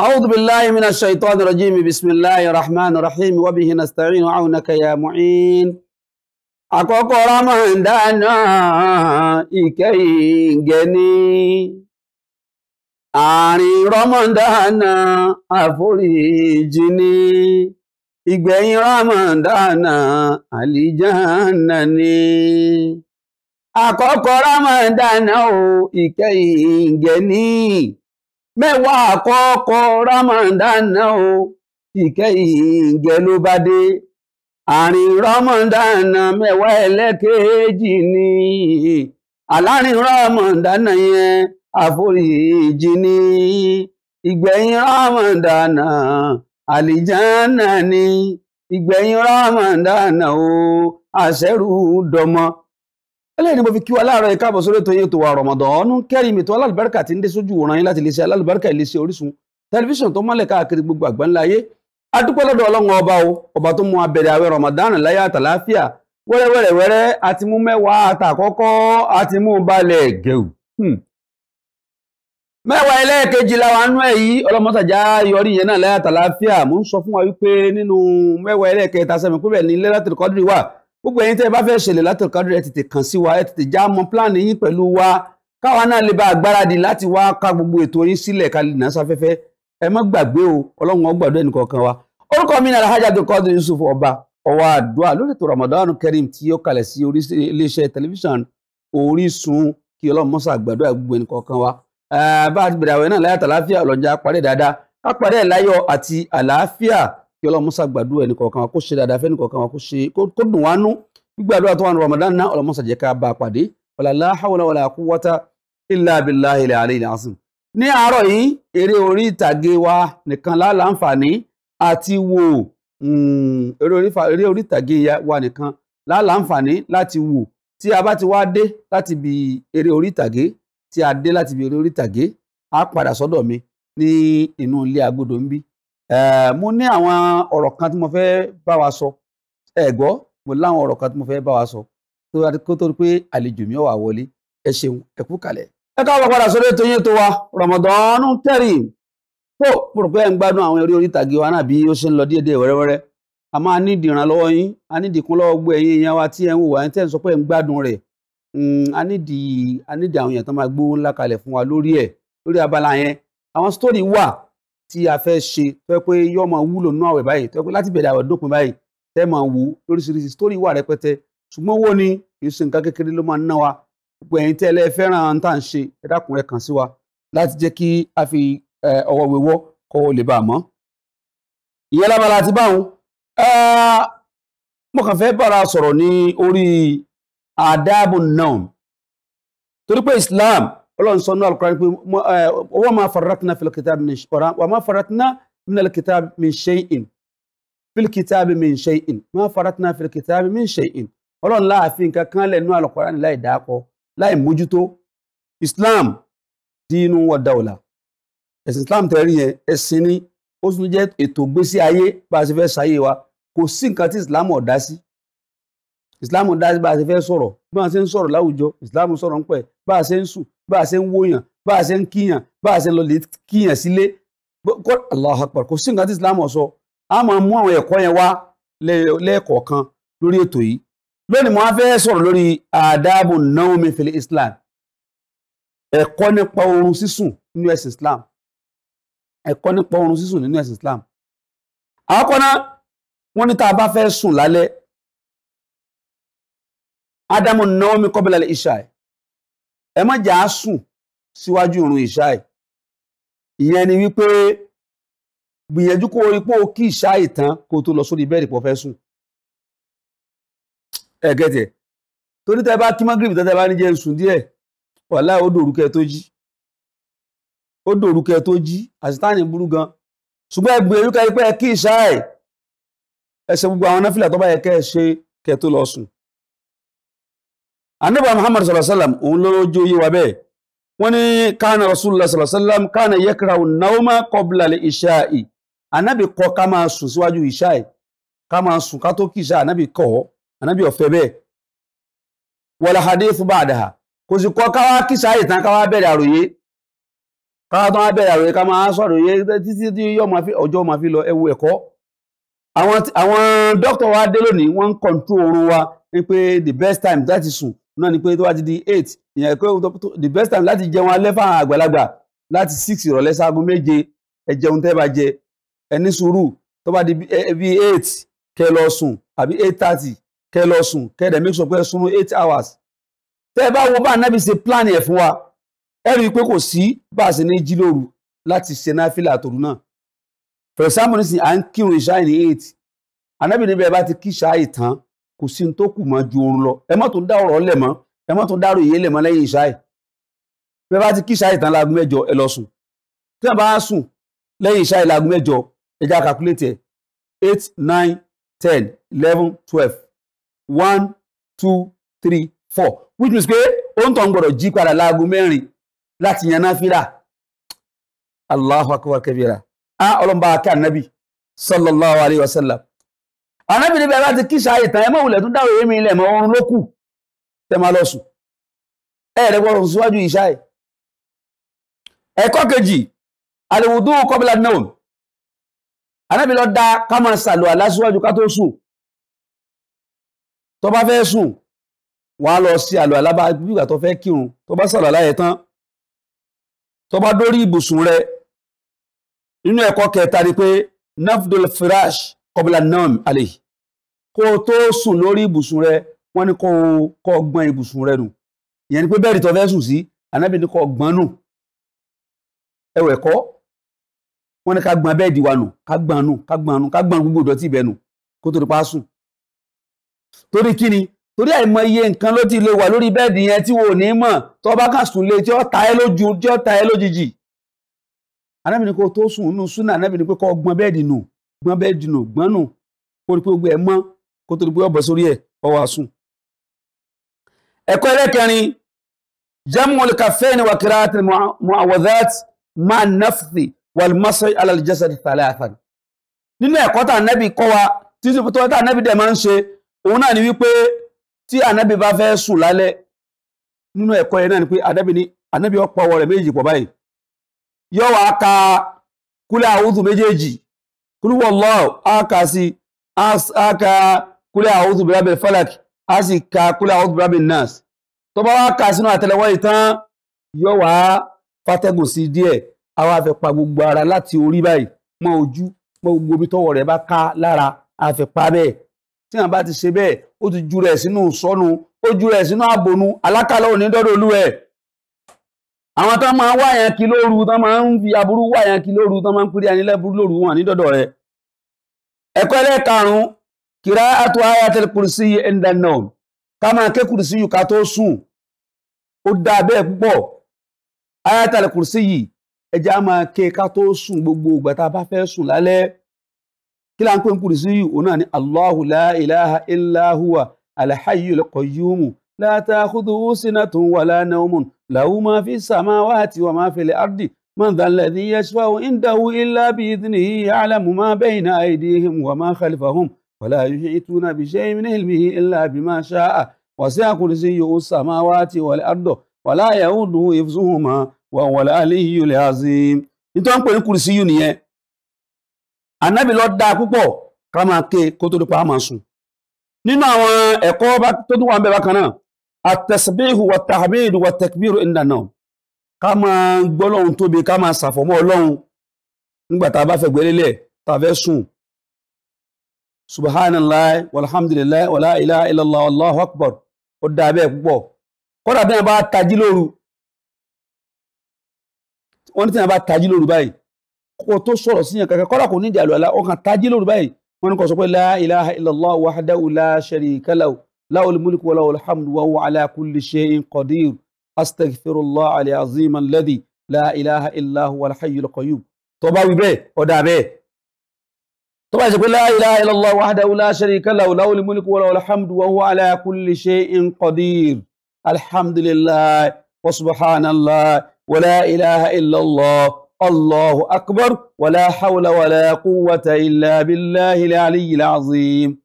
أعوذ بالله من الشيطان الرجيم بسم الله الرحمن الرحيم وبه نستعين وعونك يا معين àkọ́kọ́ ramadana ìkẹyìngẹni àárín ramadana àforíjì ni ìgbẹ̀yìn ramadana àlìjáàna ni àkọ́kọ́ ramadana ò ìkẹyìngẹni. mẹ́wàá àkọ́kọ́ Ramadan náà o ìkẹyìn gẹ ló bá dé àárín Ramadan mẹ́wàá ẹlẹ́kẹ̀ẹ́jì ni àlárín Ramadan yẹn àforíjì ni ìgbẹ̀yìn Ramadan àlìjánà ni ìgbẹ̀yìn Ramadan o àṣẹrù dọmọ eléyìí ni mo fi kí wa láàárọ̀ yìí káàbọ̀ sórí ètò yìí tó wa Ramadan Kareem ètò alálùbáríkà tí ń dé sójú wòran yín láti iléeṣẹ́ alálùbáríkà iléeṣẹ́ Orísun tẹlifíṣàn tó mọ́lẹ̀ káàkiri gbogbo àgbáńlá ayé adúpẹ́ lọ́dọ̀ Ọlọ́run ọba o ọba tó mú abẹ̀rẹ̀ àwẹ̀ Ramadan láyé àtàláfíà wẹ́rẹ́wẹ́rẹ́ wẹ́rẹ́ àti mú mẹ́wàá àtàkọ́kọ́ àti mú balẹ̀ gẹ̀ù hmm. mẹ́wàá gbogbo ẹ̀yin tẹ́ ẹ bá fẹ́ ṣẹlẹ̀ látọ̀kadì ẹ tètè kàn sí wa ẹ tètè já mọ plan yín pẹ̀lú wa káwa náà lè bá agbáradì láti wá ká gbogbo ètò yín sílẹ̀ ká lè náà sáfẹ́fẹ́ ẹ má gbàgbé o ọlọ́run ó gbàdúrà ẹnì kọ̀ọ̀kan wa orúkọ mi náà Alhaji Abdulkadir Yusuf Ọba ọwọ́ àdúrà lórí ètò Ramadan Kareem tí ó kalẹ̀ sí iléeṣẹ́ tẹlifíṣàn Orísun kí ọlọ́run mọ́sà gbàdúrà gbogbo ẹnì kọ̀ọ̀kan wa bá a ti bẹ̀rẹ̀ àwẹ̀ náà láyàtọ̀ láfíà ọlọ́jà parí dáadáa ká parí láyọ̀ àti àlàáfíà kí ọlọ́run musa gbàdúrà ẹnì kọ̀ọ̀kan wa kó ṣe dáadáa fẹ́ni kọ̀ọ̀kan wa kó ṣe kó dùn wá nú gbígbàdúrà tó wà ní Ramadan náà ọlọ́run musa jẹ́ ká bá a pàdé wàlá hawla wàlá quwwata illa billahi al-aliyyil azim. ní àárọ̀ yìí eré orí ìtàgé wa nìkan láǹfààní àti wò hmm, eré orí ìtàgé wa nìkan láǹfààní láti wò tí a bá ti wá dé láti bi eré orí ìtàgé tí a dé láti bi eré orí ìtàgé á padà sọ́dọ̀ mi ní inú ilé agbódo ń bí Eh, mo ní àwọn ọ̀rọ̀ kan tí mo fẹ́ bá wa sọ ẹ gbọ́ mo láwọn ọ̀rọ̀ kan tí mo fẹ́ bá wa sọ kó tó pé àlejò mi ò wá wọlé ẹ ṣeun ẹ kú kalẹ̀. ẹ káwọ padà sórí ètò yín tó wa Ramadan Kareem tó mo rò pé ẹ ń gbádùn àwọn eré orí ìtàgé wa náà bí ó ṣe ń lọ díẹ̀díẹ̀ wẹ́rẹ́wẹ́rẹ́ a máa ní ìdìrànlọ́wọ́ yín a ní ìdìkún lọ́wọ́ gbé ẹ̀yin èèyàn wa tí ẹ ń wò wá ẹni tẹ́ ń sọ pé ẹ ń gbádùn rẹ̀ hmm, a ní ìdí àwọn èèyàn tó máa gbówó ńlá kalẹ̀ fún wa lórí ẹ̀ lórí abala yẹn àwọn sítórì wà tí a fẹ́ ṣe tó yẹ pé yóò máa wúlò nínú àwẹ̀ báyìí tó pé láti bẹ̀rẹ̀ àwẹ̀ dópin báyìí tẹ́ máa wò lóríṣiríṣi sítórì wà rẹpẹtẹ ṣùgbọ́n owó ni kìí nǹkan kékeré ló máa ná wa gbogbo ẹ̀yin tẹ́ ẹlẹ́ fẹ́ràn tá à ń ṣe ẹ dákun ẹ kàn sí wa láti jẹ́ kí a fi ọwọ́ wewọ́ kọ́ ọ lè bá a mọ́. ìyẹn lábala ti báwọn mo kàn fẹ́ bára sọ̀rọ̀ ní orí àdáàbò náà torí pé Islam ọlọ́run sọ ní alukura pé wa ma farratna fil kitabi min shay'in wa ma farratna minal kitabi min shay'in fil kitabi min shay'in ma farratna fil kitabi min shay'in ọlọ́run láàfin kankan lẹ̀ ní alukura ní láì dákọ láì mójútó Islam dínú wa dawla ẹ̀sìn Islam tẹ̀rí yẹn ẹ̀sìn ni ó tún jẹ́ ètò gbésí ayé bá a ṣe fẹ́ ṣayé wa kò sí nǹkan tí Islam ò dá sí Islam ò dá sí bá a ṣe fẹ́ sọ̀rọ̀ bí wọ́n ṣe ń sọ̀rọ̀ láwùjọ Islam sọ̀rọ̀ ń pẹ̀ bá a ṣe ń sùn bá a ṣe ń wóyàn bá a ṣe ń kíyàn bá a ṣe ń lọ lè kíyàn sílé Allahu Akbar kò sí nǹkan tí Islam sọ a máa mú àwọn ẹ̀kọ́ yẹn wá lẹ́ẹ̀kọ̀ọ̀kan lórí ètò yìí lónìí mo á fẹ́ sọ̀rọ̀ lórí àdáàbò naomi fèlè Islam ẹ̀kọ́ nípa oorun sísùn nínú ẹ̀sìn Islam ẹ̀kọ́ nípa oorun sísùn nínú ẹ̀sìn Islam àkọ́kọ́ náà wọ́n ní tá a bá fẹ́ sùn lálẹ́ ádámù naomi kọ́bílẹ̀ ìṣáì ẹ má jà á sùn síwájú ìrun ìṣáì ìyẹn ni wípé gbìyànjú kó orí pé o kí ìṣáì tán kó o tó lọ sórí bẹ́ẹ̀dì pọ̀ fẹ́ sùn ẹ gẹ́tẹ̀ torí tẹ bá kí mọ́gìrìbì tẹ́ bá ní jẹ́ sùn díẹ̀ wàhálà ó dòrúkẹ tó jí ó dòrúkẹ tó jí àṣetáàní burú gan ṣùgbọ́n ẹ gbìyànjú kẹ́ pé ẹ kí ìṣáì ẹ ṣe gbogbo àwọn náfìlà tó bá yẹ kẹ́ ẹ ṣe kẹ́ tó lọ sùn anábà muhammad sallallahu òun lọ́rọ́jú yíwa bẹ́ẹ̀ wọ́n ní kánà rasulullah sallallahu kánà yakrahu nauma qabla al-isha'i anábì kọ̀ ká máa sùn síwájú ìṣáì ká máa sùn ká tó kí ìṣá anábì kọ̀ anábì ọ̀fẹ́ bẹ́ẹ̀ wala hadithu ba'daha kò sì kọ̀ ká wá kí ìṣáì tán ká wá bẹ̀rẹ̀ àròyé ká wá tán wá bẹ̀rẹ̀ àròyé ká máa sọ̀rọ̀ yé títí tí ọjọ́ máa fi lọ ẹwu ẹ̀kọ́ àwọn dókítà wa dé lónìí wọ́n ń kọ̀ntú oorun wa ní pé the best time that is sùn náà ni pé tó bá ti di eight ìyẹn pé the best time láti jẹun alẹ́ fáwọn àgbàlagbà láti six ìrọ̀lẹ́ sáago méje ẹ jẹun tẹ́ bá jẹ ẹ ní sùúrù tó bá di bí eight kẹ lọ sùn àbí eight thirty kẹ lọ sùn kẹ make sure pé ẹ sùn eight hours tẹ́ ẹ bá wo bá ànábì ṣe plan ẹ̀ fún wa ẹ rí i pé kò sí bá a ṣe ní jí lóru láti ṣe náfìlà àtòrú náà for example nísìnyí à ń kírun ìṣáì ní eight ànábì níbẹ̀ bá ti kí ìṣáì tán kò sí ní tó kù mọ́ ju oorun lọ ẹ má tún dá ọ̀rọ̀ lẹ̀ mọ́ ẹ má tún dárò yé lẹ̀ mọ́ ìṣáì bí ẹ bá ti kí ìṣáì tán láago mẹ́jọ ẹ lọ sùn tí wọn bá sùn lẹ́yìn ìṣáì láago mẹ́jọ ẹ já calculate ẹ eight nine ten eleven twelve one two three four which means pé ó ń tàn gbọ́dọ̀ jí padà láago mẹ́rin láti yan náfìlà Allahu akbar kabira a ọlọ́mọba akẹ́ ànábì sallallahu alayhi wa sallam arábìnrin bẹ́ẹ̀ bá ti kíṣà ìtàn ẹmọ́ òwúlẹ̀ tún dáwọ̀ èémí ilẹ̀ mọ́ ọrùn lókù tẹ máa lọ sùn ẹ̀ẹ́dẹ̀ gbọ́dọ̀ síwájú ìṣá ẹ̀ ẹ̀kọ́ kejì àlèwùdú kọ́bílà náà arábìnrin lọ da ká máa sàlù àlá síwájú ká tó sùn tó bá fẹ́ sùn wàá lọ sí àlù àlá bá gbígbà tó fẹ́ kírun tó bá sàlù àlá yẹn tán tó bá dórí ibùsùn rẹ nínú ẹ̀kọ́ kẹta ni pé nafdul firash kọbílà náà alẹ́ yìí kó o tó sùn lórí ibùsùn rẹ wọ́n ní kó o kó o ibùsùn rẹ nù ìyẹn ni pé bẹ́ẹ̀dì tó fẹ́ sùn sí ànábì ní kó o gbọ́n nù ẹ̀rọ ẹ̀kọ́ wọ́n ní ká gbọ́n bẹ́ẹ̀dì wa nù ká gbọ́n nù ká gbọ́n nù ká gbọ́n gbogbo ìdọ̀tí ibẹ̀ nù kó tó di pa sùn torí kí ni torí àìmọye nǹkan ló ti lè wà lórí bẹ́ẹ̀dì yẹn tí wo ò ní mọ̀ tó bá kà sùn lé tí ó ta ẹ́ lójijì ànábì ní kó o tó sùn nù súnà gbọ́n bẹ́ẹ̀ dìnà gbọ́n nù kó rí pé gbogbo ẹ̀ mọ́ kó tó rí pé ọ̀bọ̀ sórí ẹ̀ ọwọ́ àsùn. ẹ̀kọ́ ẹlẹ́kẹrin jamul kafaini wa qira'at mu'awadhat ma'a nafthi wal masai ala al jasad thalathan. nínú ẹ̀kọ́ tá ànábì kọ́ wa títí tó tá ànábì dẹ̀ máa ń ṣe òun náà ni wípé tí ànábì bá fẹ́ sùn lálẹ́ nínú ẹ̀kọ́ yẹn náà ni pé ànábì ni ànábì ó ọwọ́ rẹ̀ méjì pọ̀ báyìí yóò wá ka kúlẹ̀ àwùjù méjèèjì kúlúwọ̀lọ́ áka sí áka kúlẹ̀ àwọ́dù bẹ̀rẹ̀ falak a sì ka kúlẹ̀ àwọ́dù bẹ̀rẹ̀ nas tó bá wá ka sínú àtẹ́lẹwọ́ ìtàn yóò wá fàtẹ́gùn sí díẹ̀ àwa fẹ́ pa gbogbo ara láti orí báyìí mọ́ ojú mọ́ gbogbo omi tọ́wọ́ rẹ̀ bá ká lára a fẹ́ pa bẹ́ẹ̀ tí wọn bá ti ṣe bẹ́ẹ̀ ó ti ju rẹ̀ sínú sọnù ó ju rẹ̀ sínú àbònú alákàlọ́ òní dọ́dọ̀ olú ẹ̀ àwọn tán máa ń wá yẹn kí lóru tán máa ń fi aburú wá yẹn kí lóru tán máa ń pírí ẹni lẹ́burú lóru wọn ní dọ̀dọ̀ rẹ̀ ẹ̀kọ́ ẹlẹ́karùn-ún kìrá àtò ayatul kùrùsí ẹ̀ndà náà ká máa ké kùrùsí yìí ká tó sùn ó dá bẹ́ẹ̀ púpọ̀ ayatul kùrùsí yìí ẹja máa ké ká tó sùn gbogbo ìgbà tá a bá fẹ́ sùn lálẹ́ kí là kùrùsí yìí òun náà ní Allahu la لا تأخذه سنة ولا نوم له ما في السماوات وما في الأرض من ذا الذي يشفع عنده إلا بإذنه يعلم ما بين أيديهم وما خلفهم ولا يحيطون بشيء من علمه إلا بما شاء وسع كرسيه السماوات والأرض ولا يؤوده حفظهما وهو العلي العظيم nítorí wọn pè ní kùrìsí yìí nìyẹn anábì lọ dáa púpọ̀ ká máa ké kó tó dúpọ̀ á máa sùn nínú àwọn àtẹ̀sìbíhù wàtàhàmídù wàtẹ̀kbírù ìdànà ká máa gbọ́lọ́hun tóbi ká máa ṣàfọ̀mọ́ ọlọ́hun nígbàtà bá fẹ́ gbẹ́lélẹ̀ tàfẹ́ sùn subhanallah walhamdulillah wala ilaha illallah allahu akbar ó dá bẹ́ẹ̀ púpọ̀ kọ́dà bí wọ́n bá tají lóru wọ́n ní tí wọ́n bá tají lóru báyìí kó tó sọ̀rọ̀ síyàn kankan kọ́dà kò ní ìdí àlọ́ ọkàn tají lóru báyìí wọ́n ní kọ́ sọ pé la ilaha illallah wahdahu la sharika lahu له الملك وله الحمد وهو على كل شيء قدير استغفر الله العظيم الذي لا إله إلا هو الحي القيوم طبعا بيه ودا بيه طبعا يقول لا إله إلا الله وحده لا شريك له له الملك وله الحمد وهو على كل شيء قدير الحمد لله وسبحان الله ولا إله إلا الله الله أكبر ولا حول ولا قوة إلا بالله العلي العظيم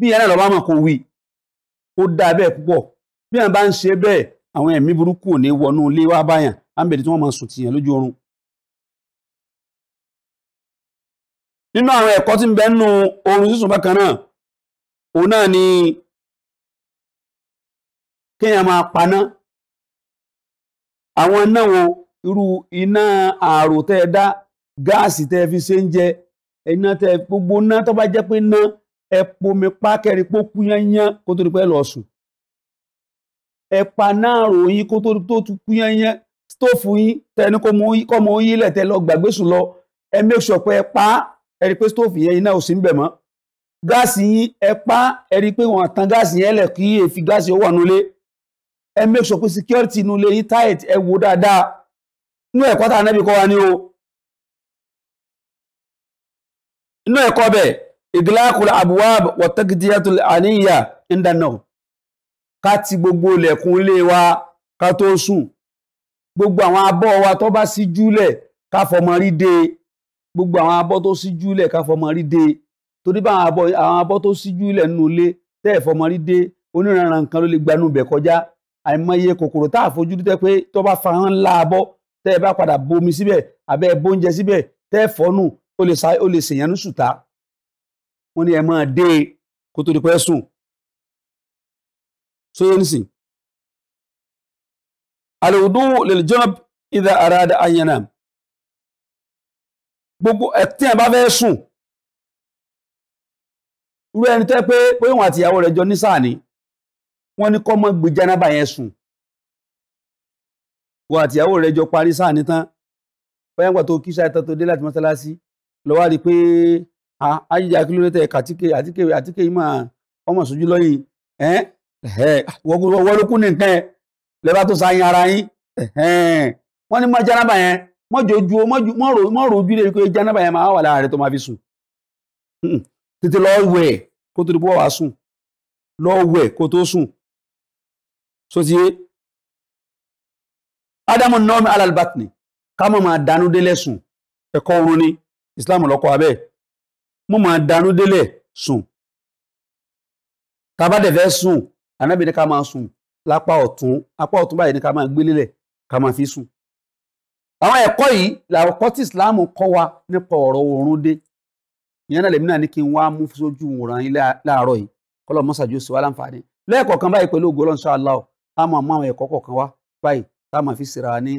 بي أنا لو ما قوي ó dáa bẹ́ẹ̀ púpọ̀ bí wọn bá ń ṣe bẹ́ẹ̀ àwọn ẹ̀mí burúkú ò ní wọnú ilé wá báyàn á ń bẹ̀rẹ̀ tí wọ́n máa sùn tìyàn lójú oorun. nínú àwọn ẹ̀kọ́ tí ń bẹ nínú oorun náà ẹ pomi pa kẹrin pó kú yányán kó tó di pé lọ sùn ẹ pa náà ròyìn kó tó tó kú yányán stóòfù yín tẹni kó mọ yín kọ́ mọ yín lẹ̀ tẹ lọ gbàgbé sùn lọ ẹ make sure pé ẹ pa ẹ pé stóòfù yẹn iná ò sí ń bẹ̀ mọ́ gáàsì yín ẹ pa ẹ pé wọn àtàn gáàsì yẹn lẹ̀ kí èéfì gáàsì wà nulẹ̀ ẹ make sure pé security nulẹ̀ yín tight ẹ wò dáadáa inú ẹ̀kọ́ tá a nẹ́bi kọ́ wa ni o inú ẹ̀kọ́ bẹ́ẹ̀ ìdílákùlù àbúwáàbù wọ̀tẹ́kìdíyàtù àníyà ìdáná ká ti gbogbo ilẹ̀kùn ilé wa ká tó sùn gbogbo àwọn abọ́ wa tó bá sí júlẹ̀ ká fọmọ rí de gbogbo àwọn abọ́ tó sí júlẹ̀ ká fọmọ rí de torí bá àwọn abọ́ tó sí júlẹ̀ nínú ilé tẹ́ ẹ̀ fọmọ rí de oníranran nǹkan ló lè gbanú bẹ̀ kọjá àìmọye kòkòrò tá a fojú tẹ́ pé tó bá fa hàn ńlá abọ́ tẹ́ ẹ bá padà bomi síbẹ̀ àbẹ́ bóúnjẹ síbẹ̀ tẹ́ ẹ fọ́nù ó lè ṣèyàn ní sùtá wọ́n ní ẹ máa dé e kó tó di pẹ́ sùn sóyè nísìn àlùdú lèlìjọ́b ìdá àràdà àyànnà gbogbo ẹ̀tí ẹ̀ bá fẹ́ sùn irú ẹni tẹ́ pé pé wọn àti ìyàwó rẹ̀ jọ ní sáà ni wọ́n ní kọ́ mọ́ gbé jánábà yẹn sùn wọn àti ìyàwó rẹ̀ jọ parí sáà ní tán bóyá ń gbà tó kí sáà tó dé láti mọ́sálásí lọ́wọ́ rí ajíjà kí ló dé tẹ kàtíkè àtíkè àtíkè yìí máa ọmọ sójú lọ́yìn wọ́n ni, kú ní nǹkan ẹ̀ lẹ́bàá tó sáyìn ara yín wọ́n ní mọ́ jánábà yẹn mọ́jọ́jú mọ́rò ojú lè pé jánábà yẹn máa wà láàárẹ̀ tó máa fi sùn hmm. tètè lọ wẹ̀ kó tó di bọ́ wá sùn lọ wẹ̀ kó tó sùn so ti yé ádámù nọ́ọ̀mù alálbàtìní ká mọ̀ máa dánú délẹ̀ sùn ẹ̀kọ́ oorun ni Islam lọ́kọ̀ abẹ́ẹ̀ mo máa danú délẹ̀ sùn tàbá dẹ̀ fẹ́ sùn anábì ní ká máa sùn lápá ọ̀tún apá ọ̀tún báyìí ní ká máa gbé lélẹ̀ ká máa fi sùn àwọn ẹ̀kọ́ yìí làwọn ẹ̀kọ́ tí Islam kọ́ wa nípa ọ̀rọ̀ oorun dé ìyẹn náà lèmi náà ní kí n wá mú sójú wòran yín láàárọ̀ yìí kọ́lọ̀ mọ́sàájú sí wa láǹfààní lẹ́ẹ̀kọ̀ọ̀kan báyìí pẹ̀lú ògo insha Allah á máa mú àwọn ẹ̀kọ́ kọ̀ọ̀kan wá báyìí tá a máa fi síra ní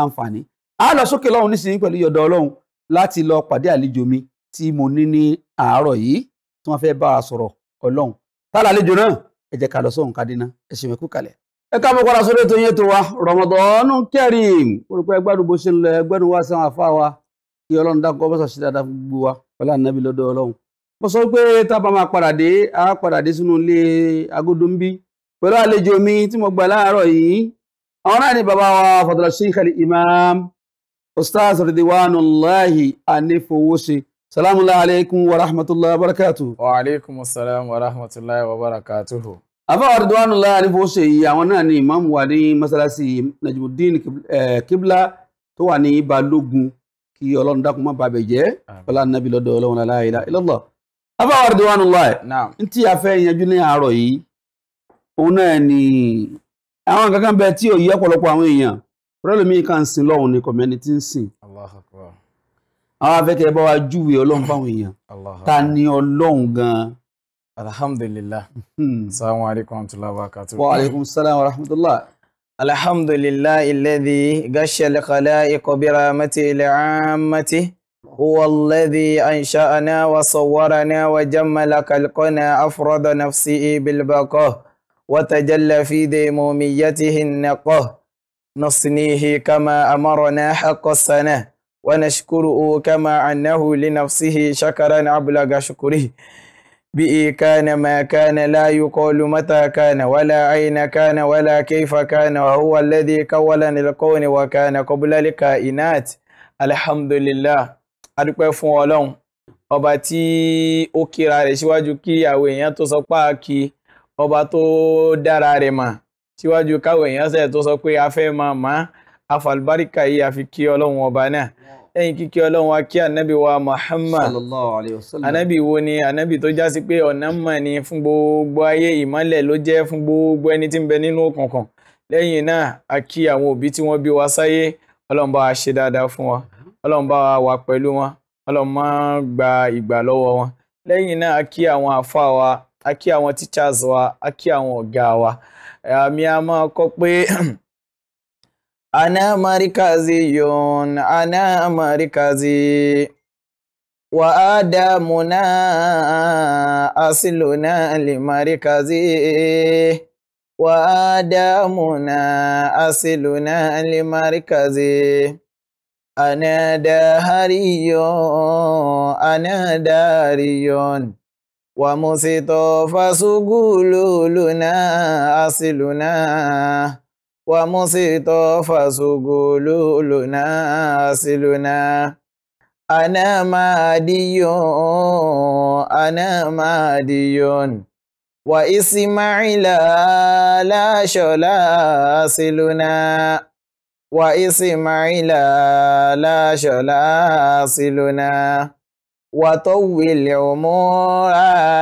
àǹfààní. a lọ sókè lọ́hùn nísìnyí pẹ̀lú yọ̀dọ̀ ọlọ́hun láti lọ pàdé àlejò mi tí mo ní ní àárọ̀ yìí tí wọ́n fẹ́ bá a sọ̀rọ̀ ọlọ́run tálà àlejò náà ẹ jẹ́ ká lọ sóhun kádínà ẹ ṣe mẹ́kú kalẹ̀. ẹ káàbọ̀ padà sórí ètò yẹn tó wa Ramadan Kareem orúkọ ẹgbẹ́rún bó ṣe ń lọ ẹgbẹ́rún wá sáwọn afá wa kí ọlọ́run dákọ̀ bọ́sà ṣe dáadáa fún gbogbo wa ọlá nàbí lọ́dọ̀ ọlọ́run. mo sọ pé tábà máa padà dé a sínú ilé agodo ń pẹ̀lú àlejò mi tí mo gbà láàárọ̀ yìí àwọn náà ni bàbá wa Fadila Sheikh al-Imam Ustaz Ridwanullahi Anífowóṣe salamu alaikum wa rahmatullahi wa barakatuhu. wa alaikum salam wa rahmatullahi wa barakatu. afáwọn àdúgbò láàrin bó ṣe yìí àwọn náà ni imam wa ní masalasi najmuddin kibla tó wà ní balógun kí ọlọ́run dákun má bàbẹ̀ jẹ́ ọlá nàbí lọ́dọ̀ ọlọ́run la ilaha illallah. afáwọn àdúgbò láàrin n tí a fẹ́ yanjú ní àárọ̀ yìí òun náà ni àwọn kankan bẹ tí ò yí àwọn èèyàn rẹ́lùmí kan sìn lọ́hùn ni kọ̀mẹ́ni ti ń sìn. àwọn afẹ́tẹ̀ bá wa júwe ọlọ́run fáwọn èèyàn ta ni ọlọ́run gan-an. alhamdulilah hmm. salamu alaykum wa barakatuh. wa alaykum salaam wa rahmatulah. alhamdulilah alladhi gashe al-khalaiqa bi rahmatihi li'ammatihi. هو الذي أنشأنا وصورنا وجمل خلقنا أفرد نفسه بالبقاء وتجلى في ديموميته النقاه نصنيه كما أمرنا حق السنة ونشكره كما أنه لنفسه شكرا أبلغ شكره به كان ما كان لا يقول متى كان ولا أين كان ولا كيف كان وهو الذي كول الكون وكان قبل الكائنات الحمد لله adúpẹ́ fún ọlọ́run ọba tí ó kíra rẹ̀ síwájú kí àwọn èèyàn tó sọ pé kí ọba tó dára rẹ̀ mà síwájú káwọn èèyàn sẹ̀ tó sọ pé a fẹ́ máa máa afalibarika yìí a fi kí ọlọ́run ọba náà ẹ̀yìn kíkí ọlọ́run wa kí anabi wa muhammad anabi wo ni anabi tó já sí pé ọ̀nà mọ̀ ni fún gbogbo ayé ìmọ́lẹ̀ ló jẹ́ fún gbogbo ẹni tí ń bẹ nínú òkùnkùn lẹ́yìn náà a kí àwọn òbí tí wọ́n bí wa sáyé ọlọ́run bá wa ṣe dáadáa fún wa ọlọ́run bá wa wà pẹ̀lú wọn ọlọ́run má gba ìgbà lọ́wọ́ wọn lẹ́yìn náà a kí àwọn àfa wa a kí àwọn teachers wa a kí àwọn ọ̀gá wa àmì a máa pé أنا مركزي أنا مركزي وآدمنا أصلنا لمركزي وآدمنا أصلنا لمركزي أنا دهري أنا داري ومسيط فسقولنا أصلنا ومصيطا فسقولولنا سلنا أنا مادي أنا مادي وإسماعيل لا شلا سلنا وإسماعيل لا شلا سلنا وطول عمر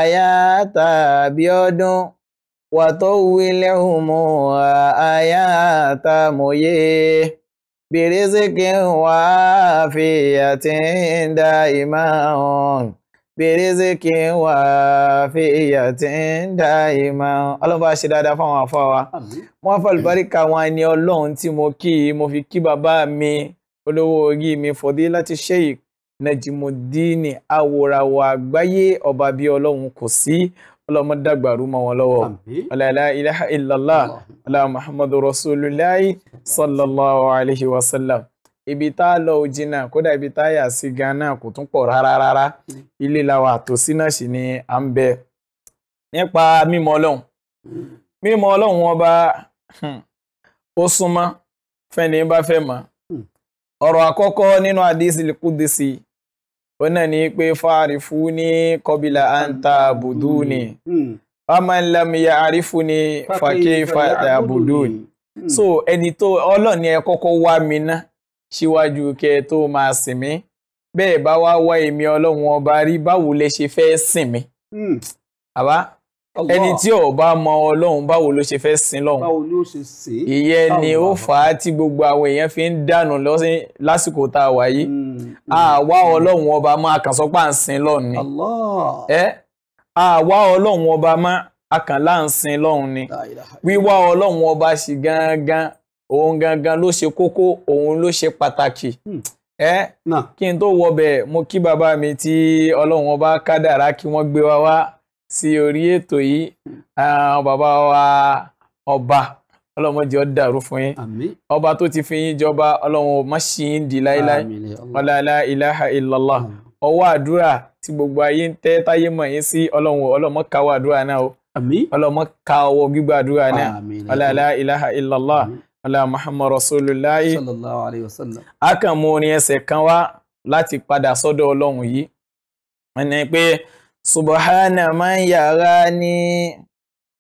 آيات بيدو وطولهم آيات ميه برزق وعافية دائما bèrèzèké wà fèèyàtìn dáìmà ọlọ́run bá ṣe dáadáa fáwọn afá wa wọ́n fà lùbáríkà wọn ni ọlọ́run tí mo kí mo fi kí bàbá mi olówó orí mi fọdí láti Sheikh Najimudeen awòràwọ̀ àgbáyé ọba bíi ọlọ́run kò sí ọlọ́mọ dàgbàrú mọ́ wọn lọ́wọ́ ọ̀làlá ilaha illallah ọ̀là muhammadu rasulillah sallallahu alayhi wa sallam ibi tá a lọ òjìnà kódà ibi tá a yà sí ghana kò tún pọ̀ rárá rárá mm. ilé làwọn àtòsí náà sì ni à ń bẹ nípa mímọ̀ ọlọ́run mm. mímọ̀ ọlọ́run wọn bá hmm, ó súnmọ́ fẹ́ni bá fẹ́ mọ̀ mm. ọ̀rọ̀ àkọ́kọ́ nínú àdísìlì kúdìsì ó náà ní pé fáàrífú ní kọbílà àǹtà àbùdú ni fáàmà ńlámiyà àrífú ní fàkífà àbùdú ni so ẹni tó ọlọ́ọ̀ni ẹ kọ́kọ́ wá mi ná síwájú kẹ tó máa sìn mí bẹ́ẹ̀ bá wá wá èmi ọlọ́run ọba rí báwo lẹ ṣe fẹ́ sìn mí hmm. àbá ẹni tí ò bá mọ ọlọ́run báwo ló ṣe fẹ́ sin lọ́hun báwo ló ṣe ìyẹn ni ó fà á tí gbogbo àwọn èèyàn fi ń dànù lásìkò tá a wà yìí àwa hmm, hmm, hmm. ọlọ́run ọba máa kàn sọ́pà ń sin lọ́hun ni ẹ àwa ọlọ́run ọba máa akàn là ń sin lọ́hun ni wíwá ọlọ́run ọba sì gangan òun gangan ló ṣe kókó òun ló ṣe pàtàkì ẹ kí n tó wọbẹ̀ mo kí bàbá mi tí ọlọ́run ọba kádàrá kí wọ́n gbé wa wá sí orí ètò yìí hmm. bàbá wa ọba ọlọ́run jẹ́ ó dàrú fún yín ọba tó ti fi yín jọba ọlọ́run má di láíláí ọ̀làlá ilaha illallah ọwọ́ àdúrà tí gbogbo ayé ń tẹ́ táyé mọ̀ yín sí ọlọ́run ọlọ́mọ káwọ́ àdúrà náà o ọlọ́mọ káwọ́ gbígbà àdúrà náà ọ̀làlá ilaha illallah ọ̀là muhammad rasulullah sallallahu alayhi wa sallam a kàn mú orin ẹsẹ̀ kan wá láti padà sọ́dọ̀ ọlọ́run yìí ẹni pé subhana man yarani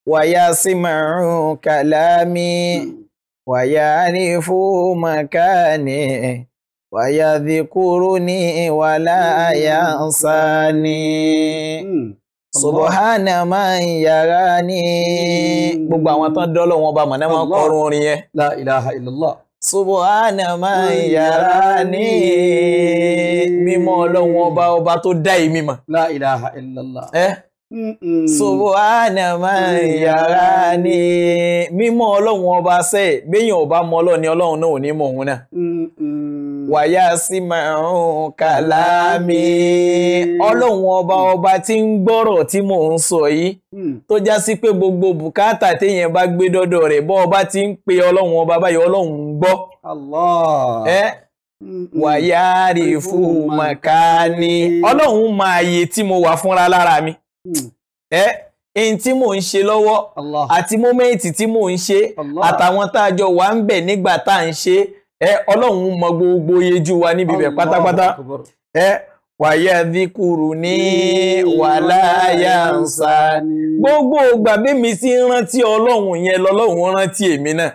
wa yasma'u kalami wa ya'rifu makani wa yadhkuruni wa la yansani. Mm subahana máa ń yàrá ní hmm. gbogbo àwọn tán dọ́lọ́ wọn bá mọ̀ náà wọn kọrun orin yẹn. la ilaha illallah. Subhana man yarani. Mímọ́ ọlọ́run ọba ọba tó dá èmi mọ̀. La ilaha illallah. Eh? Subhana man yarani. Mímọ́ ọlọ́run ọba sẹ́ẹ̀, béèyàn ọba mọ ọlọ́run ni ọlọ́run náà ò ní mọ̀ òun náà wàyà sí màrún kàlámì ọlọ́run ọba ọba tí ń gbọ́rọ̀ tí mò ń sọ yìí hmm. tó já sí pé gbogbo bùkátà téèyàn bá gbé dọ́dọ̀ rẹ̀ bọ́ ọba tí ń pe ọlọ́run ọba báyìí ọlọ́run ń gbọ́. ẹ wàyà rè fún màkàní ọlọ́run máa yè tí mo wà fúnra lára mi. Hmm. ẹni tí mò ń ṣe lọ́wọ́ àti mọ́mẹ́ǹtì tí mò ń ṣe àtàwọn tá a jọ wà ń bẹ̀ nígbà tá à ń ṣe. ẹ ọlọ́run mọ gbogbo yejú wa níbi bẹ̀ pátápátá ẹ wàyà díkùrù ní wàláyà ń gbogbo ìgbà bí mi sì rántí ọlọ́run yẹn lọ́lọ́run rántí èmi náà.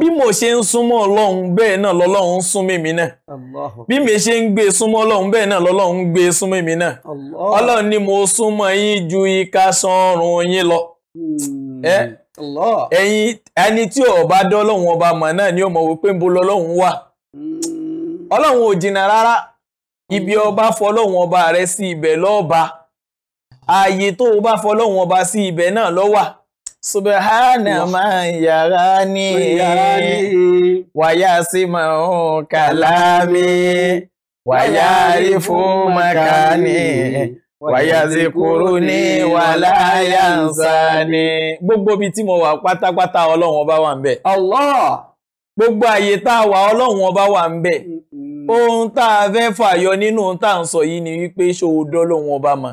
bí mo ṣe ń súnmọ́ ọlọ́run bẹ́ẹ̀ náà lọ́lọ́run ń sún mímí náà bí mi ṣe ń gbé súnmọ́ ọlọ́run bẹ́ẹ̀ náà lọ́lọ́run ń gbé súnmọ́ èmi náà Allah ọlọ́run ni mo súnmọ́ yín ju ìka sanrun yín lọ. Hmm. ẹ̀yin ẹni tí ò bá dán ọlọ́run ọba mọ̀ náà ni ó mọ̀ wípé ń bo lọ́lọ́run wà hmm. Ọlọ́hún ò jìnnà rárá ibi hmm. ọba fọlọ́run ọba rẹ sí ibẹ̀ lọ́ọ̀ba ààyè tó o bá fọlọ́run ọba sí ibẹ̀ náà lọ́wà subahana máa ń yàrá ní wàyà sí máa ń kàlámì wàyà rí fún màkà wàyàzíkúrú ní wàláyàǹsá ni. gbogbo ibi tí mo wà pátápátá ọlọ́run ọba wà ń bẹ̀. Allah. gbogbo àyè tá a wà ọlọ́run ọba wà ń bẹ̀. ohun tá a fẹ́ fàyọ nínú tá à ń sọ yìí ni wípé ṣé o dọ́ lóhun ọba mà.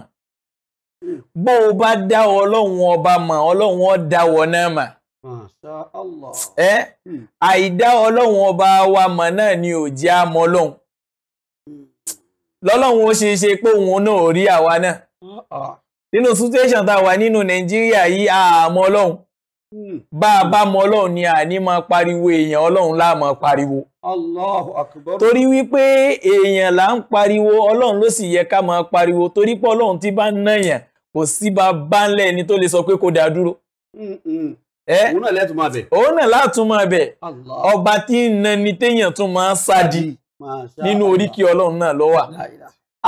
bó o bá dá ọlọ́run ọba mà ọlọ́run ó dá wọ náà mà. Hmm. àìdá ọlọ́run ọba wa mà náà ni ò jẹ́ àmọ́ ọlọ́run. lọ́lọ́run ó ṣe ṣe pé òun náà ò rí àwa náà ah, ah. nínú situation tá a wà nínú nàìjíríà yìí àmọ́ ọlọ́run hmm. bá a bá mọ ọlọ́run ni àní máa pariwo èèyàn ọlọ́run la máa pariwo. torí wípé èèyàn là ń pariwo ọlọ́run ló sì yẹ ká máa pariwo torí pé ọlọ́run ti bá ń nàyàn kò sí bá bá ń lẹ́ni tó lè sọ pé kò dá dúró. Hmm, hmm. òun náà látún máa bẹ̀. òun náà látún máa bẹ̀ ọba tí ń nani téèyàn tún máa ń sádi. nínú oríkì ọlọ́run náà ló wà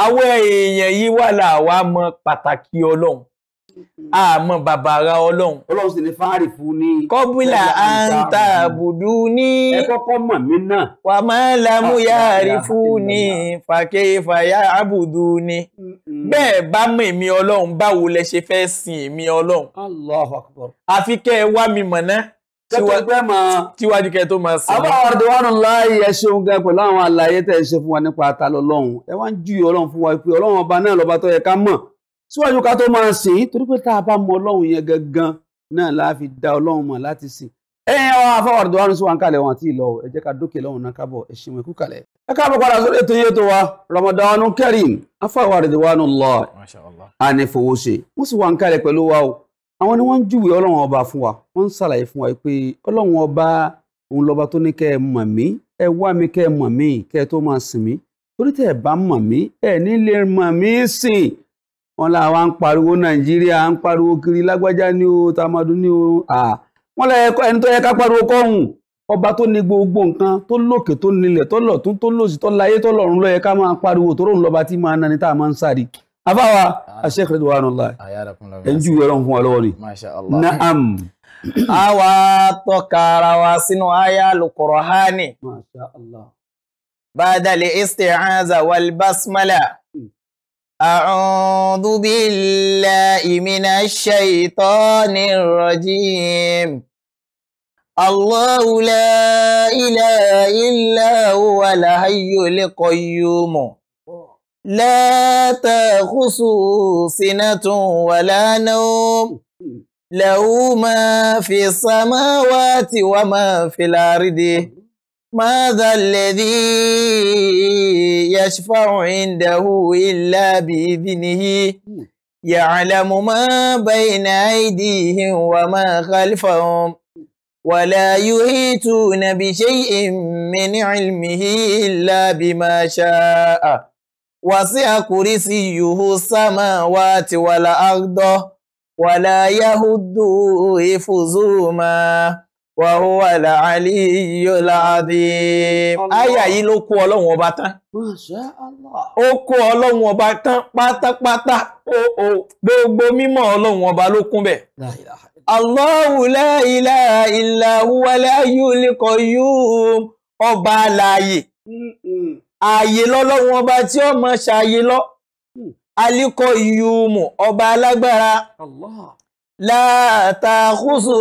àwọn èèyàn yìí wà láwa mọ pàtàkì ọlọ́run àmọ́ mm-hmm. bàbàrà ọlọ́run. ọlọ́run sì ni fáàrì fún ní. kọ́bùlà à ń ta àbùdú ní. ẹ kọ́kọ́ mọ̀ mí náà. wà á máa lamú yáàrí fún ní fàkẹ́ ìfàyà àbùdú ní. bẹ́ẹ̀ bá mọ̀ èmi ọlọ́run báwo lẹ ṣe fẹ́ sin èmi ọlọ́run. àfi kẹ́ ẹ wá mi mọ̀ náà tíwájú kẹ tó máa sàn. àbá ọ̀rọ̀ wọn láàyè ẹ ṣeun gan pẹ̀lú àwọn àlàyé tẹ̀ ẹ ṣe fún wa nípa àtàlọ́ ọlọ́run ẹ wá ń ju ọlọ́run fún wa pé ọlọ́run ọba náà lọ́ba tó yẹ ká mọ̀ síwájú ká tó máa sìn torí pé tá a bá mọ ọlọ́run yẹn gangan náà láà fi da ọlọ́run mọ̀ láti sìn. ẹ ẹ wá afọwọ́ ọ̀rọ̀ wọn sún wa ń kalẹ̀ wọn àti ìlọ ẹ jẹ́ ká dókè lọ́run náà àwọn ni wọ́n ń júwèé ọlọ́run ọba fún wa wọ́n ń ṣàlàyé fún wa pé ọlọ́run ọba òun lọ́ba tó ní kẹ́ ẹ mọ̀ mí ẹ wá mi kẹ́ ẹ mọ̀ mí kẹ́ ẹ tó máa sìn mí torí tẹ́ ẹ bá mọ̀ mí ẹ ní lè mí sìn wọn là wá ń pariwo nàìjíríà ń pariwo kiri lágbájá ní o tamadu ní o à wọn lẹ ẹni tó yẹ ká pariwo kọ́hùn ọba tó ní gbogbo nǹkan tó lókè tó nílẹ̀ tó lọ̀tún tó lòsì tó láyé tó lọ́run ló yẹ ká máa pariwo tó ròun lọ́ba tí máa nani tá a máa ń sáré afáwa aṣẹ́kẹ̀ ah. ridwanullah ẹnjú ah, ẹ̀rọ fún wa lọ́wọ́ ni na'am a wá tọ́ka ara wa sínú aya al-Qur'ani ba'da al wal basmala hmm. a'udhu billahi minash shaytanir rajim الله لا إله إلا هو الحي القيوم لا تأخذه سنة ولا نوم له ما في السماوات وما في الأرض ماذا الذي يشفع عنده إلا بإذنه يعلم ما بين أيديهم وما خلفهم ولا يحيطون بشيء من علمه إلا بما شاء wa si akwuri si yuhu samaa wa ti wala adọ wala yahudu ohefuzoro maa wa hụwala aliyu yi lo ku ọlọ nwọba taa o ku ọlọ nwọba taa patapata gbogbo mimo ọlọ nwọba lokun be Allahulailayi la-ilawalai uliko yuhu ọba alayi ààyè lọ́lọ́run ọba tí ó mọ ṣààyè lọ alikọ hmm. iyumu ọba alágbára látàkùsù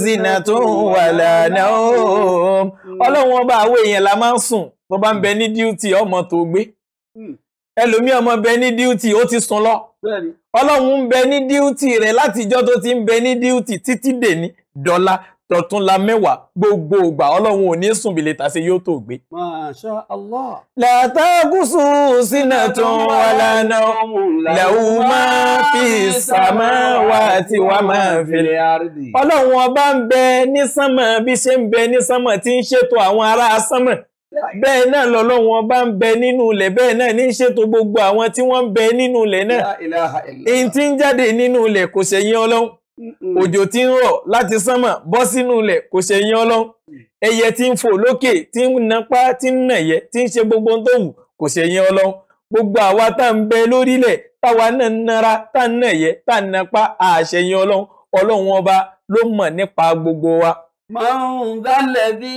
zinatun wàlà náà hmm. ọlọ́run ọba àwọn èèyàn la máa ń sùn tó bá ń bẹ ní díútì ọmọ tó gbé hmm. ẹlòmí ọmọ bẹ ní díútì ó ti sùn lọ ọlọ́run ń bẹ ní díútì rẹ̀ látijọ́ tó ti ń bẹ ní díútì títí dèní dọ́là tọ̀túnla mẹ́wàá gbogbo ìgbà ọlọ́run ò ní sùn bí lè tàṣe yóò tó gbé. Masha Allah. làtàkùsù sínà tó ń wà lánàá lẹ́wù máa fi sàmà wá tí wàá máa fi. ọlọ́run ọba ń bẹ ní sánmọ̀ bí ṣe ń bẹ ní sánmọ̀ tí ń ṣètò àwọn ará sánmọ̀ bẹ́ẹ̀ náà lọ́lọ́run ọba ń bẹ nínú ilẹ̀ bẹ́ẹ̀ náà ní ṣètò gbogbo àwọn tí wọ́n ń bẹ nínú ilẹ̀ náà. èyí tí ń jáde nínú ilẹ̀ kò ṣẹ̀yìn ọlọ́run òjò tí ń rọ̀ láti sánmà bọ́ sínú ilẹ̀ kò ṣẹ̀yìn ọlọ́run mm. ẹyẹ tí ń fò lókè tí ń napá tí ń nàyẹ tí ń ṣe gbogbo ohun tó wù kò ṣẹ̀yìn ọlọ́run gbogbo àwa tá ń bẹ lórílẹ̀ táwa náà ń nara tá ń nàyẹ tá ń napá àṣẹ̀yìn ọlọ́run ọlọ́run ọba ló mọ̀ nípa gbogbo wa. Mọ̀n dálẹ̀bí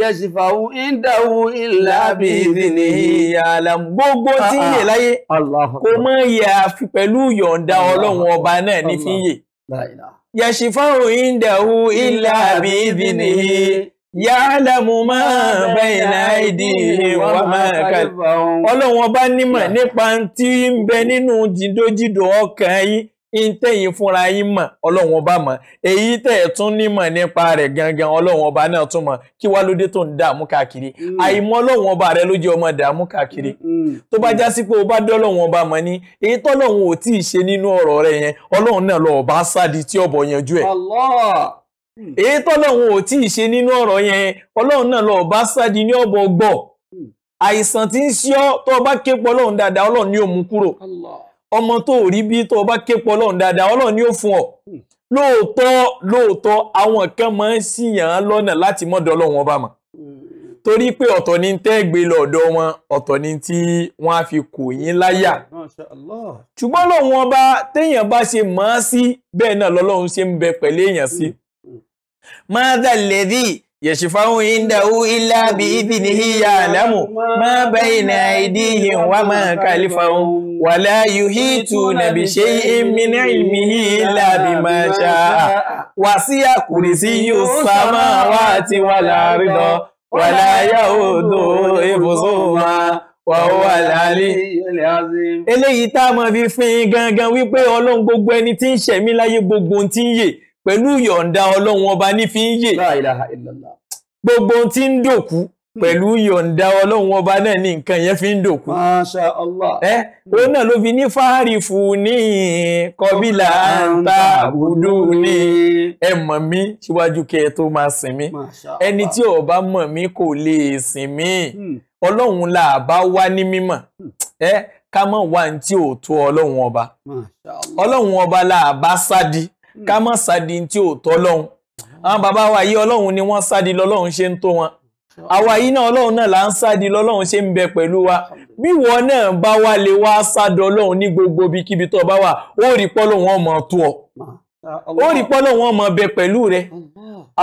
yẹ̀sìfàwù ìdáwù ìlàbí ìdìní ìyàlàm gbogbo tí ń yè ah, ah. láyé kò mọ̀ yẹ àfi pẹ̀lú yọ̀ǹda ọlọ́run ọba náà ní fi yè yẹ̀ṣìfọ́rùn ìndẹ̀hu ilẹ̀ àbí ìdìní ya'lamu ma bayna aydihi wa ma khalfahum ọlọ́run ọba nímọ̀ nípa tí ń bẹ nínú jìndójìdò ọkàn yín ntẹ̀yìn fúnra yín mọ̀ ọlọ́run ọba mọ̀ èyí tẹ̀ ẹ̀ tún nímọ̀ nípa rẹ̀ gangan ọlọ́run ọba náà tún mọ̀ kí wá lóde tó ń dààmú káàkiri mm. àìmọ̀ ọlọ́run ọba rẹ ló jẹ́ ọmọ dààmú káàkiri mm, mm, tó bá já sí pé o bá dọ́lọ́run ọba mọ̀ ní èyí tọ́lọ́run ò tí ì ṣe nínú ọ̀rọ̀ rẹ yẹn ọlọ́run náà lọ ọba sádi tí ọ̀bọ̀ yanjú ẹ̀ hmm. èyí tọ́lọ́run ò tí ì ṣe ọmọ tó rí bí tó bá képo ọlọ́run dáadáa ọlọ́run ni ó fún ọ hmm. lóòótọ́ lóòótọ́ àwọn kan máa ń ṣìyàn án lọ́nà láti mọ́dọ̀ ọlọ́run ọba mọ̀ hmm. torí pé ọ̀tọ̀ ni tẹ́ gbé lọ́dọ̀ wọn ọ̀tọ̀ ni tí wọ́n á fi kò yín láyà ṣùgbọ́n lọ́wọ́n ọba téèyàn bá ṣe mọ́ sí bẹ́ẹ̀ náà lọ́lọ́run ṣe ń bẹ pẹ̀lú èèyàn sí. mọ́dà hmm. lẹ́dí yẹ̀ṣùfáhùn ìdáwó ilá bí ibi ní híyà àlámù má báyìnà ìdíhìn wà máa kàlífàhùn wà láyú hìtù nàbì ṣe ìmìnà ìmìhì ilá bí máa ṣá wà sí àkùrì sí yóò sámà wá àti wà láàrídọ wà láyà òdò ibùsùn wa wà ó wà láàrí. eléyìí tá a mọ̀ fi fin gangan wípé ọlọ́run gbogbo ẹni tí ń ṣẹ̀mí láyé gbogbo ohun ń yè pẹ̀lú yọ̀ǹda ọlọ́run ọba ní fi ń yè gbogbo ohun tí ń dòkú hmm. pẹ̀lú yọ̀ǹda ọlọ́run ọba náà ní nǹkan yẹn fi ń dòkú. Allah. ẹ hmm. òun náà ló fi ní fáàrí fún ní kọbílà àǹtà àbúdú ní ẹ mọ̀ mí síwájú kí ẹ tó máa sìn mí ẹni tí ó bá mọ̀ mí kò lè sìn mí hmm. ọlọ́run là bá wá ní mímọ̀ ká mọ̀ wá ní tí ò tó ọlọ́run ọba ọlọ́run ọba là bá sádi. ká má sádi tí ò tọ́ lọ́hùn àwọn bàbá wa yìí ọlọ́run ni wọ́n sádi lọ́lọ́run ṣe ń tó wọn àwa yìí náà ọlọ́run náà là ń sádi ṣe ń bẹ pẹ̀lú wa bí wọn náà bá wá lè wá sádọ ọlọ́run ní gbogbo ibikíbi tó bá wà ó rí pọ́lọ́ wọn mọ̀ tó ọ ó rí pọ́lọ́ wọn mọ̀ bẹ pẹ̀lú rẹ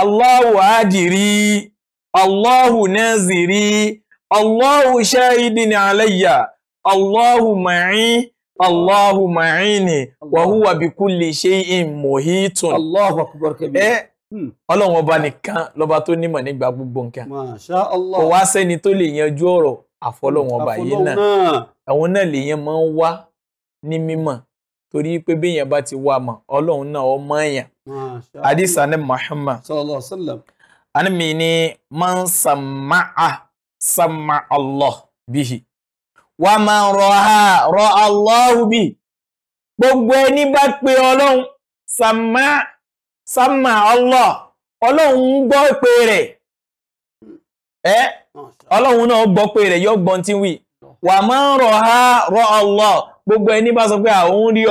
Allahu adìrí Allahu Allahu shahidin alayya Allahu Allahu ma'ini wa huwa bi kulli shay'in muhitun. Allahu akbar kabir. Eh hmm. Ọlọ́run ọba nìkan lọ́ba tó nímọ̀ nígbà gbogbo nǹkan. Masha Allah. Kò wá sẹ́ni tó lè yanjú ọ̀rọ̀ àfọlọ́run ọba yìí náà. Àwọn náà lèèyàn máa ń wá ní mímọ̀ torí pé béèyàn bá ti wá mọ̀ Ọlọ́run náà ọ mọ̀ èèyàn. Hadith Ani Muhammad. Sallallahu alayhi wa sallam. ni man sama'a sama'a Allah bihi. Wa ma rọ̀ ha rọ̀ aláhùbí gbogbo ẹni bá pe ọlọ́run sàmà sàmà Allah ọlọ́run ń gbọ́ pé rẹ̀ ẹ́ ọlọ́run náà gbọ́ pé rẹ̀ yóò gbọ́n tí wì wà ha rọ̀ Allah gbogbo ẹni bá sọ pé àwọn rí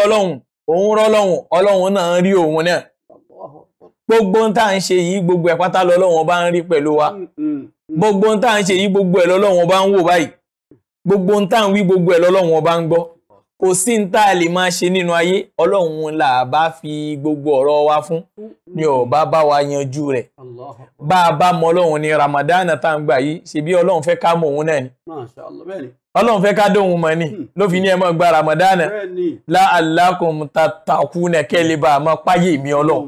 ọlọ́run náà rí òun náà gbogbo ń gbogbo ẹ̀ pátá ọba ń rí pẹ̀lú wa mm, mm, mm. gbogbo ń gbogbo ń tà ń wí gbogbo ẹ̀ lọ́lọ́run ọba ń gbọ́ kò sí ń tà lè máa ṣe nínú ayé ọlọ́run là bá fi gbogbo ọ̀rọ̀ wa fún ni ọba bá wa yanjú rẹ̀ bá a bá mọ ọlọ́run ní Ramadan tá à ń gbà yìí ṣebí ọlọ́run fẹ́ ká mọ òun náà ni ọlọ́run fẹ́ ká dóhun mọ̀ ni hmm. ló fi ní ẹ máa gba Ramadan la alakum tatakuna kẹ́lẹ́ bá a máa páyé mi ọlọ́run.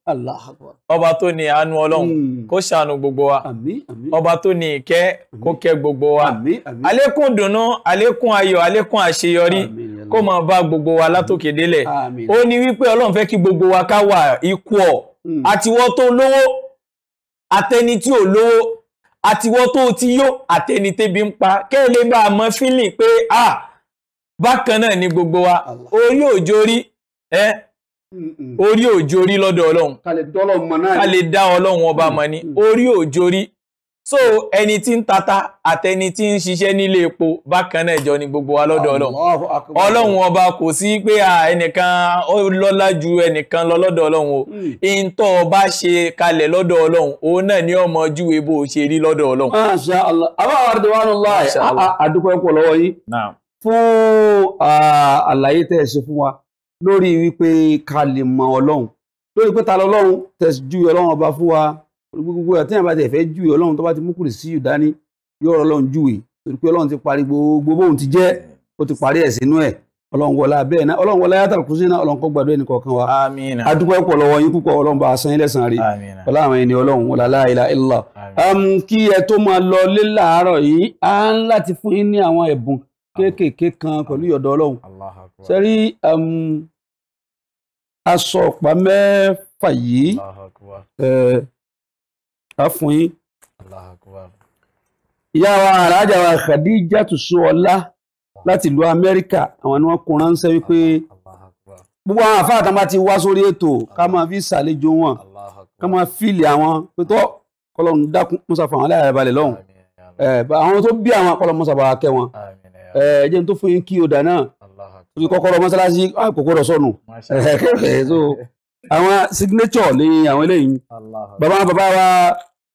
ọba tó ní àánú ọlọ́run hmm. kó ṣàánú gbogbo wa ọba tó ní ìkẹ́ kó kẹ́ gbogbo wa àlékún dùnnú àlékún ayọ̀ àlékún àṣeyọrí kó máa bá gbogbo wa látòkè délẹ̀ ó ní wípé ọlọ́run fẹ́ kí gbogbo wa ká wà ikú ọ̀ hmm. àtiwọ́ tó lówó àtẹni tí ò lówó àtiwọ́ tó ti yó àtẹni tẹ́bi ń pa kẹ́ ẹ lè bá a mọ fílì pé ah bákan náà ni gbogbo wa orí òjò rí ẹ orí òjòrí lọ́dọ̀ ọlọ́run ká lè dá ọlọ́run ọba mọ̀ ní orí òjòrí so ẹni tí ń tata àtẹni tí ń ṣiṣẹ́ nílé epo bákan náà jọ ni gbogbo wa lọ́dọ̀ ọlọ́run ọlọ́run ọba kò sí pé ẹnìkan ó lọ́lá ju ẹnìkan lọ lọ́dọ̀ ọlọ́run o ìǹtọ́ mm. ọba ṣe kalẹ̀ lọ́dọ̀ ọlọ́run òun náà ni ọmọ júwe bó ṣe rí lọ́dọ̀ ọlọ́run. Masha Allah abáwọ̀ àdúgbò ẹ̀kọ́ lọ́wọ́ yìí fún àlàyé tẹ̀ ṣe fún wa lórí wípé ká lè mọ ọlọ́run lórí pé ta lọ ọlọ́run tẹ̀sí ju ọlọ́run ọba fún wa gbogbo ẹ̀ téèyàn bá ti fẹ́ ju ọlọ́run tó bá ti mú kùrì sí ìdání yóò rọ ọlọ́run júwe torí pé ọlọ́run ti parí gbogbo bóun ti jẹ́ ó ti parí ẹ̀ sínú ẹ̀ ọlọ́run wọlá bẹ́ẹ̀ náà ọlọ́run wọlá yàtọ̀ kùsùn náà ọlọ́run kó gbàdúrà ẹnì kọ̀ọ̀kan wa adúpẹ́ pọ̀ lọ́wọ́ yín púpọ̀ ọlọ́run bá a san ilẹ̀ san rí ọlá àwọn ẹni ọlọ́run wọlá láìla ìlà kí ẹ tó máa lọ lé làárọ̀ yìí á ń láti fún yín ní àwọn ẹ̀bùn kéékèèké kan pẹ̀lú ìyọ̀dọ̀ ọlọ́run sẹ́rí um, aṣọ ọ̀pá mẹ́fà yìí àfún yín ìyá wa aláàjà wa Khadijatu Ṣóọlá láti ìlú Amẹ́ríkà àwọn ni wọ́n kó ránṣẹ́ wípé gbogbo àwọn àfáà tán bá ti wá sórí ètò ká máa fi ṣàlejò wọn ká máa fíìlì àwọn pétọ́ kọlọ́run dákun mọ́sàfà àwọn aláìbalẹ̀ lọ́hùn àwọn tó bí àwọn kọlọ́run mọ́sàfà wọn ẹ̀ẹ́dẹ́ tó fún yín kí o dà náà fi kọ́kọ́rọ́ mọ́sálásí àkókòrò sọnù eh, so àwọn signature ní àwọn eléyìí bàbá bàbá wa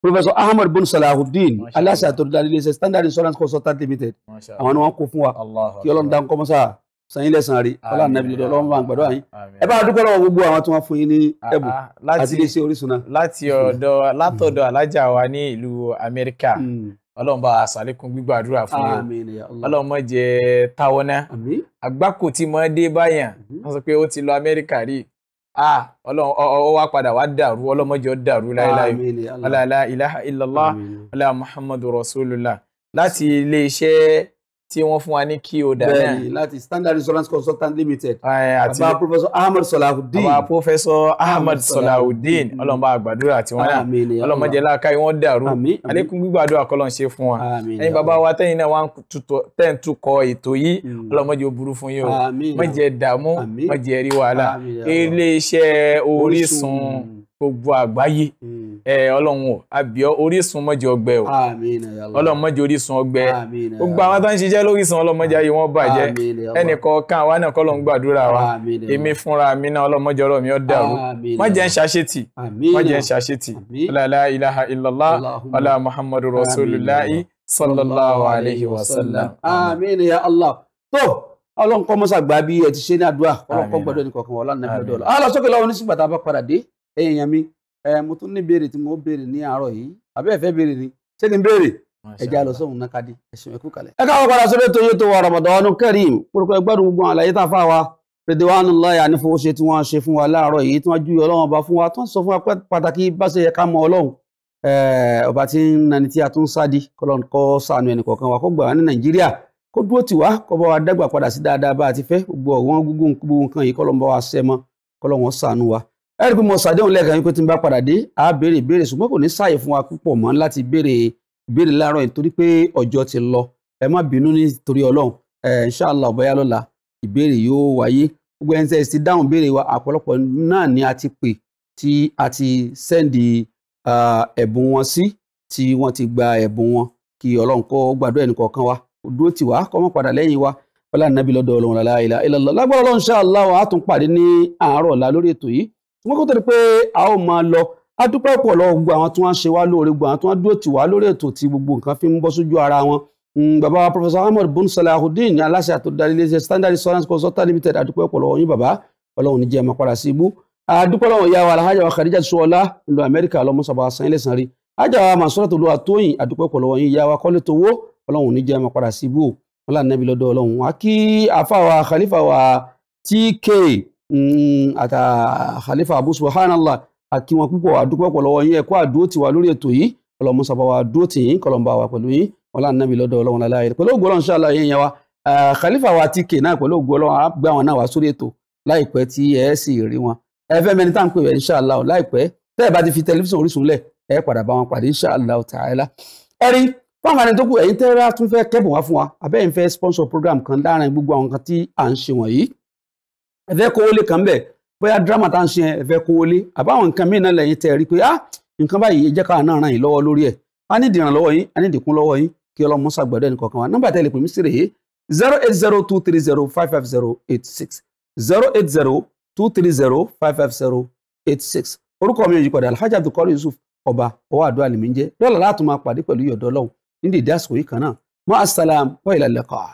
professor ahmed bin salahuddin aláṣà tó dáadé lè ṣe standard insurance consultant limited àwọn ni wọ́n kó fún wa kí ọlọ́run dá ń kọ́ mọ́sá sanyí lẹ́sàn-án rí ọlọ́run nàbí lọ́dọ̀ ọlọ́run bá ń gbàdọ́ yín ẹ bá dúpẹ́ lọ́wọ́ gbogbo àwọn tí wọ́n fún yín ní ah, ẹ̀bùn ah, àti iléeṣẹ́ Orísun náà. láti ọ̀dọ̀ látọ̀dọ̀ alájà wa ní ìlú amẹ́ríkà hmm ọlọ́run bá aṣàlékún gbígbàdúrà fún yín ọlọ́run má jẹ́ táwọn náà àgbákò tí mo dé báyàn wọ́n sọ pé ó ti lọ amẹ́ríkà rí ah ọlọ́run ọ wá padà wá dàrú ọlọ́run má jẹ́ ó dàrú láéláé ọlọ́run ilaha illallah ọlọ́run muhammadu rasulullah láti iléeṣẹ́ tí wọ́n fún wa ní kí o dà náà. bẹ́ẹ̀ni láti standard insurance consultant limited. àti bàbá professor ahmed salawudeen. bàbá professor ahmed salawudeen ọlọmọba àgbàdúrà tí wọn náà ọlọmọdé láàka wọn dàrú alekun gbígbàdúrà kọlọ ń ṣe fún wa ẹ̀yin bàbá wa tẹ̀yin náà wà ń tẹ̀ ń tukọ̀ ètò yìí hmm. ọlọmọdé ó burú fún yín o má jẹ́ dààmú má jẹ́ rí wàhálà ilé iṣẹ́ Orísun gbogbo àgbáyé hmm. ẹ ọlọ́run o àbíọ́ orísun mọ́jẹ ọgbẹ o ọlọ́run mọ́jẹ orísun ọgbẹ gbogbo àwọn tó ń ṣiṣẹ́ lórísun ọlọ́run mọ́jẹ ayé wọn bàjẹ́ ẹnìkọ̀ọ̀kan àwa náà kọ́ ló ń gbàdúrà wa èmi fúnra mi náà ọlọ́run mọ́jẹ ọ̀rọ̀ mi ó dàrú mọ́jẹ ń ṣàṣetì mọ́jẹ ń ṣàṣetì la ilaha illallah wala muhammadu rasulillahi sallallahu alayhi wa sallam. àmín ya allah tó ọlọ́run kọ́ mọ́sàgbà bí ẹ ti ṣe ní àdúrà ọlọ́run kọ́ gbọ́dọ̀ ní kọ̀ọ̀kan wọ́n lánàá gbọ́dọ̀ lọ. a lọ sókè lọ́wọ́ ní sígbà tá a bá padà dé ẹ̀yin yẹn mi ẹ mo tún ní béèrè tí mo béèrè ní àárọ̀ yìí àbí ẹ fẹ́ béèrè ni ṣé kí n béèrè ẹjẹ àlọ náà kadi ẹsùn ẹkú kalẹ̀. ẹ káwọn padà sórí ètò yóò tó wà Ramadan Kareem kúrúkú ẹgbẹrún gbọn àlàyé tá a fà wá Ridwanullahi ànífowó ṣe tí wọn ṣe fún wa láàárọ̀ yìí tí wọn ju Ọlọ́run ọba fún wa tó ń sọ fún wa pé pàtàkì bá ṣe yẹ ká mọ Ọlọ́run ọba tí ń nani tí a tún sádi kọlọn kọ sànù ẹnì kọ̀ọ̀kan wa kó gbà wá ní Nàìjíríà kó dúró tì wá kó bá wa dàgbà padà sí dáadáa bá a ti fẹ́ gbogbo ọ̀wọ́n gbogbo nǹkan yìí kọlọ́n bá wa ṣẹ́ mọ́ wọn sànù wa ẹ̀rí pé mo ṣàdéhùn lẹ́ẹ̀kan pé tí n bá padà dé á béèrè ìbéèrè ṣùgbọ́n kò ní sáàyè fún wa púpọ̀ mọ́ láti béèrè ìbéèrè láàárọ̀ yìí torí pé ọjọ́ ti lọ ẹ má bínú nítorí ọlọ́run ẹ inshallah bóyá lọ́la ìbéèrè yóò wáyé gbogbo ẹni tẹ́ ẹ ti dáhùn béèrè wa àpọ̀lọpọ̀ náà ni a ti pè tí a ti sẹ́ndì ẹ̀bùn wọn sí tí wọ́n ti gba ẹ̀bùn wọn kí ọlọ́run kó gbàdúrà ẹnì kọ̀ọ̀kan wa dúró tì wá kó má padà lẹ́yìn wa ọlá nàbí lọ́dọ̀ ọlọ́run làlá ìlà ìlàlọ́ lágbára ọlọ́run inshallah àtúnpàdé ní àárọ̀ ọ̀la lórí ètò yìí ṣùgbọ́n kó tó di pé a ó máa lọ a dúpẹ́ pọ̀ lọ́wọ́ gbogbo àwọn tí wọ́n ń ṣe wá lóore gbogbo àwọn tí wọ́n dúró tì wá lórí ètò tí gbogbo nǹkan fi ń bọ́ sójú ara wọn hmm, bàbá wa professor ahmed bun salahudeen aláṣẹ àtòdarí iléeṣẹ́ standard insurance consultant limited a dúpẹ́ pọ̀ lọ́wọ́ yín bàbá ọlọ́run ní jẹ́ máa padà sí ibú a dúpẹ́ lọ́wọ́ ìyá wa alhaja wa khadija suwọlá ìlú amẹ́ríkà lọ́mọ́sàbà sanyí lẹ́sàn rí ajá wa masọ́rọ̀ tó lu àtóyìn a dúpẹ́ khalifa tk àtà mm, khalifa abu subhanallah àkí wọn púpọ̀ àdúpọ̀ pọ̀ lọ́wọ́ yín ẹ̀kọ́ àdúró tiwa lórí ètò yìí ọlọ́mọ sábà wa dúró tì yín kọlọ́mbà wa pẹ̀lú yín ọlá nàbí lọ́dọ̀ ọlọ́run aláyẹ pẹ̀lú ògo ọlọ́run ṣáàlà yẹn yẹn wa khalifa wa ti kè náà pẹ̀lú ògo ọlọ́run àgbà wọn náà wá sórí ètò láìpẹ́ tí ẹ sì rí wọn ẹ fẹ́ mẹni tá à ń pè o láìpẹ́ tẹ́ ẹ bá ti fi tẹlifíṣàn Orísun lẹ̀ ẹ padà o tààlà ẹ rí fáwọn àni tó kù ẹ̀yin tẹ́ra tún fẹ́ kẹ́bùn wá fún wa àbẹ́yìn fẹ́ sponsor program kan láàrin gbogbo àwọn kan tí à ń ẹ fẹ́ kówó lé kàn bẹ́ẹ̀ bóyá dírámà tá à ń ṣe ẹ fẹ́ kówó lé àbáwọn nǹkan mìíràn lẹ́yìn tẹ́ rí pé ah nǹkan báyìí ẹ jẹ́ káà náà ràn yín lọ́wọ́ lórí ẹ̀ a ní ìdìràn lọ́wọ́ yín a ní ìdìkún lọ́wọ́ yín kí ọlọ́mọ ṣàgbọ́dọ̀ ẹnì kọ̀ọ̀kan wa nọ́mbà tẹ́lẹ̀ pè mí sí rèé zero eight zero two three zero five five zero eight six zero eight zero two three zero five five zero eight six orúkọ mi ò padà alhaji abdulkari yusuf ọba ọwọ́ àdó àlìmí ń jẹ́ lọ́la láti máa pàdé pẹ̀lú yọ̀dọ́ ọlọ́run nídìí ìdí àsìkò yìí kan náà mọ́ asalaam wa ilal